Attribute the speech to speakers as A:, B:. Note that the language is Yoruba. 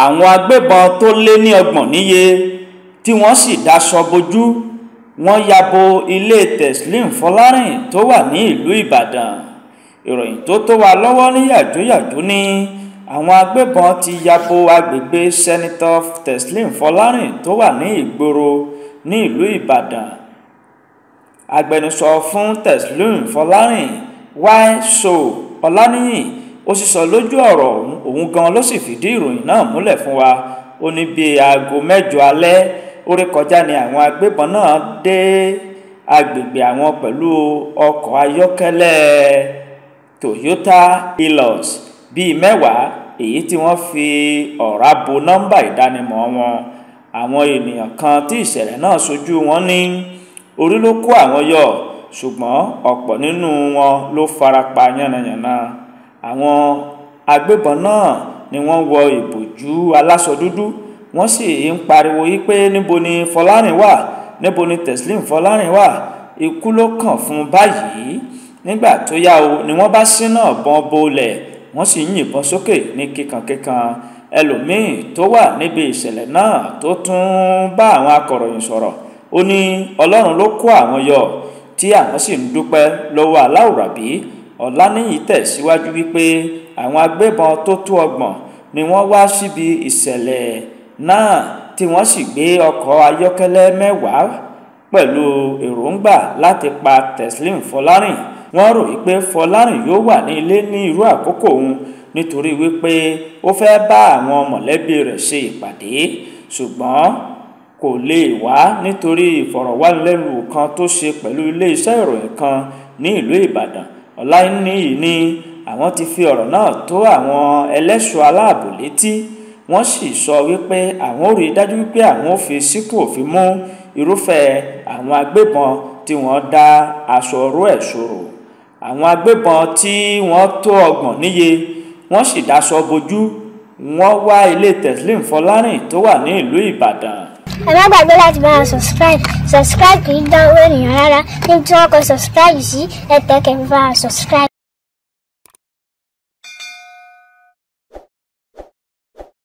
A: àwọn agbébọn tó lé ní ọgbọ̀n níye tí wọ́n sì daṣọ bojú wọ́n yabo ilé teslim fọlárìn tó wà ní ìlú ìbàdàn ìròyìn tó tó wa lọ́wọ́ ní yàjóyàjó ní àwọn agbébọn ti yabo agbègbè sẹ́nitọ́ teslim fọlárìn tó wà ní ìgboro ní ìlú ìbàdàn agbẹnusọ fún teslim fọlárìn wáṣọ ọlánìyìn ó sì sọ lójú ọ̀rọ̀ ọ̀hún òun gan ló sì fìdí ìròyìn náà múlẹ̀ fún wa ó ní bíi aago mẹ́jọ alẹ́ ó rí kọjá ni àwọn agbébọn náà dé agbègbè àwọn pẹ̀lú ọkọ̀ ayọ́kẹ́lẹ́ Toyota Hilux bíi mẹ́wàá èyí tí wọ́n fi ọ̀rá bo nọ́mbà ìdánimọ̀ wọn àwọn ènìyàn kan tí ìṣẹ̀lẹ̀ náà ṣojú wọn ní orí ló kó àwọn yọ ṣùgbọ́n ọ̀pọ̀ nínú wọn ló farapa yánnayànna àwọn agbébọn náà ni wọ́n wọ ìbòjú aláṣọ dúdú wọ́n sì ń pariwo yí pé níbo ni Fọlárìn wà níbo ni Teslim Fọlárìn wà ikú ló kàn fún báyìí nígbà tó yá o ni wọ́n bá ṣínà bọn bolẹ̀ wọ́n sì ń yìnbọn sókè ní kíkankíkan ẹlòmíín tó wà níbi ìṣẹ̀lẹ̀ náà tó tún bá àwọn akọ̀ròyìn sọ̀rọ̀ ó ní ọlọ́run ló kó àwọn yọ tí àwọn sì ń dúpẹ́ lọ́wọ́ aláwùrábí ọ̀lànìyí tẹ̀síwájú wípé àwọn agbébọn tó tó ọgbọ̀n ni wọ́n wá síbi ìṣẹ̀lẹ̀ náà tí wọ́n sì gbé ọkọ̀ ayọ́kẹ́lẹ́ mẹ́wàá pẹ̀lú èròǹgbà láti pa Teslim Fọlárìn wọ́n rò wípé Fọlárìn yóò wà ní ilé ní irú àkókò òun nítorí wípé ó fẹ́ bá àwọn mọ̀lẹ́bí rẹ̀ ṣe ìpàdé ṣùgbọ́n kò lè wá nítorí ìfọ̀rọ̀wánilẹ́nuwò kan tó ṣe pẹ̀lú iléeṣẹ́ ìròyìn kan ní ìlú Ìbàdàn ọláníyì ni àwọn ti fi ọ̀rọ̀ náà tó àwọn ẹlẹ́ṣọ́ aláàbò létí wọ́n sì sọ wípé àwọn ò rí dájú wípé àwọn ò fi síkù òfin mú irúfẹ́ àwọn agbébọn tí wọ́n dá aṣọ oró ẹ̀ ṣòro àwọn agbébọn tí wọ́n tó ọgbọ̀n níye wọ́n sì dáṣọ bojú wọ́n wá ilé teslim fọlárìn tó wà ní ìlú ìbàdàn ẹ má gbàgbé láti bá wọn subscribe subscribe kì í dánwó ènìyàn rárá níbi tí wọ́n kọ subscribe You see, tẹ̀ kẹ́ fi bá wọn subscribe.